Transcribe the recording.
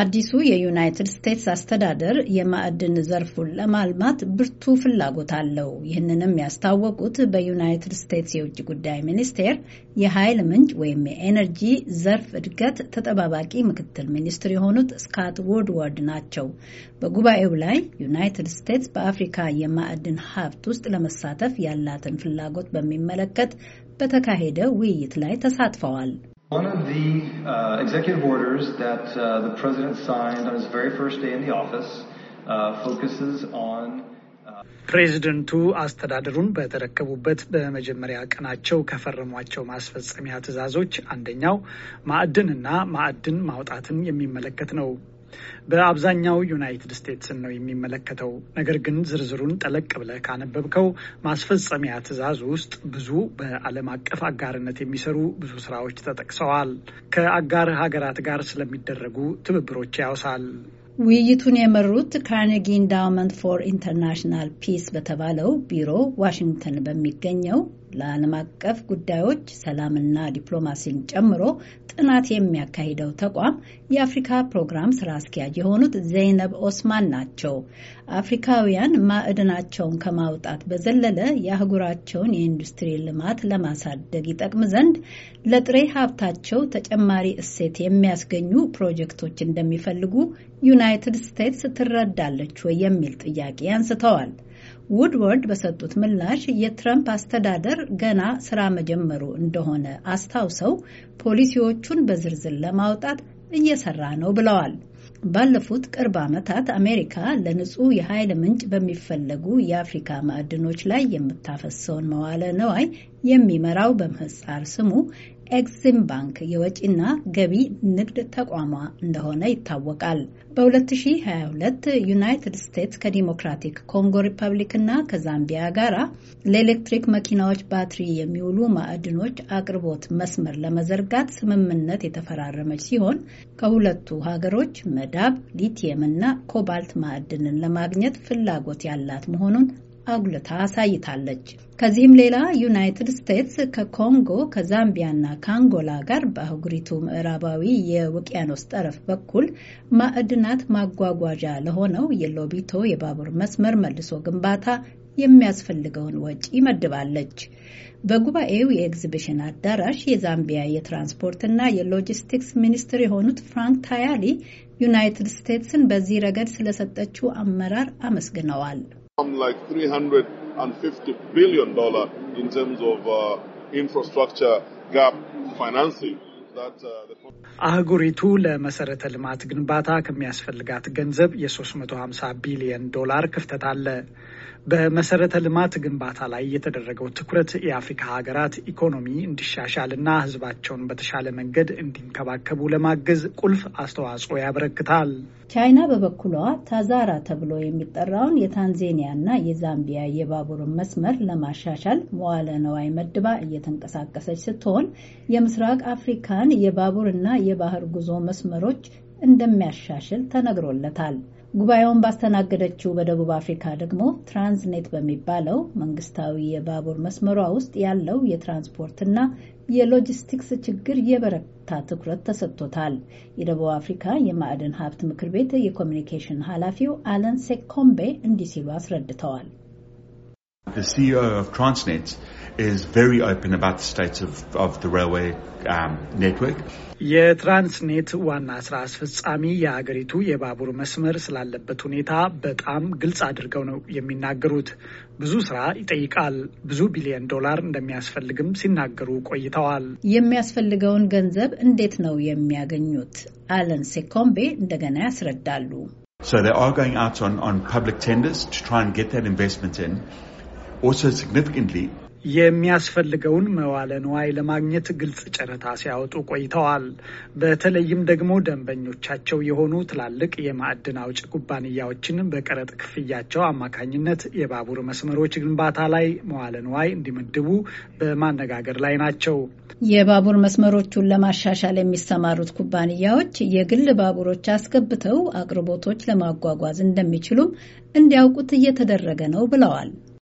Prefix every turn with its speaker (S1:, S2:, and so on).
S1: አዲሱ የዩናይትድ ስቴትስ አስተዳደር የማዕድን ዘርፉን ለማልማት ብርቱ ፍላጎት አለው። ይህንንም ያስታወቁት በዩናይትድ ስቴትስ የውጭ ጉዳይ ሚኒስቴር የኃይል ምንጭ ወይም የኤነርጂ ዘርፍ እድገት ተጠባባቂ ምክትል ሚኒስትር የሆኑት ስካት ወድወርድ ናቸው። በጉባኤው ላይ ዩናይትድ ስቴትስ በአፍሪካ የማዕድን ሀብት ውስጥ ለመሳተፍ ያላትን ፍላጎት በሚመለከት በተካሄደ ውይይት ላይ ተሳትፈዋል። One of the uh, executive orders that uh, the president signed on his very first day in the office uh, focuses on
S2: uh, ፕሬዚደንቱ አስተዳደሩን በተረከቡበት በመጀመሪያ ቀናቸው ከፈረሟቸው ማስፈጸሚያ ትዕዛዞች አንደኛው ማዕድንና ማዕድን ማውጣትን የሚመለከት ነው። በአብዛኛው ዩናይትድ ስቴትስን ነው የሚመለከተው። ነገር ግን ዝርዝሩን ጠለቅ ብለህ ካነበብከው ማስፈጸሚያ ትዕዛዝ ውስጥ ብዙ በዓለም አቀፍ አጋርነት የሚሰሩ ብዙ ስራዎች ተጠቅሰዋል። ከአጋር ሀገራት ጋር ስለሚደረጉ ትብብሮች ያውሳል።
S1: ውይይቱን የመሩት ካርኔጊ ኢንዳውመንት ፎር ኢንተርናሽናል ፒስ በተባለው ቢሮ ዋሽንግተን በሚገኘው ለዓለም አቀፍ ጉዳዮች ሰላምና ዲፕሎማሲን ጨምሮ ጥናት የሚያካሂደው ተቋም የአፍሪካ ፕሮግራም ስራ አስኪያጅ የሆኑት ዘይነብ ኦስማን ናቸው። አፍሪካውያን ማዕድናቸውን ከማውጣት በዘለለ የአህጉራቸውን የኢንዱስትሪ ልማት ለማሳደግ ይጠቅም ዘንድ ለጥሬ ሀብታቸው ተጨማሪ እሴት የሚያስገኙ ፕሮጀክቶች እንደሚፈልጉ ዩናይትድ ስቴትስ ትረዳለች ወይ የሚል ጥያቄ አንስተዋል። ውድወርድ በሰጡት ምላሽ የትረምፕ አስተዳደር ገና ስራ መጀመሩ እንደሆነ አስታውሰው ፖሊሲዎቹን በዝርዝር ለማውጣት እየሰራ ነው ብለዋል። ባለፉት ቅርብ ዓመታት አሜሪካ ለንጹህ የኃይል ምንጭ በሚፈለጉ የአፍሪካ ማዕድኖች ላይ የምታፈሰውን መዋለ ነዋይ የሚመራው በምህጻር ስሙ ኤግዚም ባንክ የወጪና ገቢ ንግድ ተቋሟ እንደሆነ ይታወቃል። በ2022 ዩናይትድ ስቴትስ ከዲሞክራቲክ ኮንጎ ሪፐብሊክ እና ከዛምቢያ ጋር ለኤሌክትሪክ መኪናዎች ባትሪ የሚውሉ ማዕድኖች አቅርቦት መስመር ለመዘርጋት ስምምነት የተፈራረመች ሲሆን ከሁለቱ ሀገሮች መዳብ፣ ሊቲየም እና ኮባልት ማዕድንን ለማግኘት ፍላጎት ያላት መሆኑን አጉልታ አሳይታለች። ከዚህም ሌላ ዩናይትድ ስቴትስ ከኮንጎ ከዛምቢያና ከአንጎላ ጋር በአህጉሪቱ ምዕራባዊ የውቅያኖስ ጠረፍ በኩል ማዕድናት ማጓጓዣ ለሆነው የሎቢቶ የባቡር መስመር መልሶ ግንባታ የሚያስፈልገውን ወጪ መድባለች። በጉባኤው የኤግዚቢሽን አዳራሽ የዛምቢያ የትራንስፖርትና የሎጂስቲክስ ሚኒስትር የሆኑት ፍራንክ ታያሊ ዩናይትድ ስቴትስን በዚህ ረገድ ስለሰጠችው አመራር አመስግነዋል። some like 350 billion dollar in terms of uh, infrastructure gap financing. Uh,
S2: አህጉሪቱ ለመሰረተ ልማት ግንባታ ከሚያስፈልጋት ገንዘብ የ350 ቢሊየን ዶላር ክፍተት አለ። በመሰረተ ልማት ግንባታ ላይ የተደረገው ትኩረት የአፍሪካ ሀገራት ኢኮኖሚ እንዲሻሻልና ሕዝባቸውን በተሻለ መንገድ እንዲንከባከቡ ለማገዝ ቁልፍ አስተዋጽኦ ያበረክታል።
S1: ቻይና በበኩሏ ታዛራ ተብሎ የሚጠራውን የታንዜኒያና የዛምቢያ የባቡርን መስመር ለማሻሻል መዋለ ነዋይ መድባ እየተንቀሳቀሰች ስትሆን የምስራቅ አፍሪካ ። የባቡር የባቡርና የባህር ጉዞ መስመሮች እንደሚያሻሽል ተነግሮለታል። ጉባኤውን ባስተናገደችው በደቡብ አፍሪካ ደግሞ ትራንስኔት በሚባለው መንግስታዊ የባቡር መስመሯ ውስጥ ያለው የትራንስፖርትና የሎጂስቲክስ ችግር የበረታ ትኩረት ተሰጥቶታል። የደቡብ አፍሪካ የማዕድን ሀብት ምክር ቤት የኮሚኒኬሽን ኃላፊው አለን ሴኮምቤ እንዲህ ሲሉ አስረድተዋል።
S2: The CEO of Transnet is very open about the state of, of the railway um, network. የትራንስኔት ዋና ስራ አስፈጻሚ የሀገሪቱ የባቡር መስመር ስላለበት ሁኔታ በጣም ግልጽ አድርገው ነው የሚናገሩት። ብዙ ስራ ይጠይቃል፣ ብዙ ቢሊዮን ዶላር እንደሚያስፈልግም ሲናገሩ ቆይተዋል።
S1: የሚያስፈልገውን ገንዘብ እንዴት ነው የሚያገኙት? አለን ሴኮምቤ እንደገና ያስረዳሉ።
S2: So they are going out on, on public tenders to try and get that investment in. የሚያስፈልገውን መዋለ ንዋይ ለማግኘት ግልጽ ጨረታ ሲያወጡ ቆይተዋል። በተለይም ደግሞ ደንበኞቻቸው የሆኑ ትላልቅ የማዕድን አውጭ ኩባንያዎችን በቀረጥ ክፍያቸው አማካኝነት የባቡር መስመሮች ግንባታ ላይ መዋለ ንዋይ እንዲመድቡ በማነጋገር ላይ ናቸው።
S1: የባቡር መስመሮቹን ለማሻሻል የሚሰማሩት ኩባንያዎች የግል ባቡሮች አስገብተው አቅርቦቶች ለማጓጓዝ እንደሚችሉም እንዲያውቁት እየተደረገ ነው ብለዋል።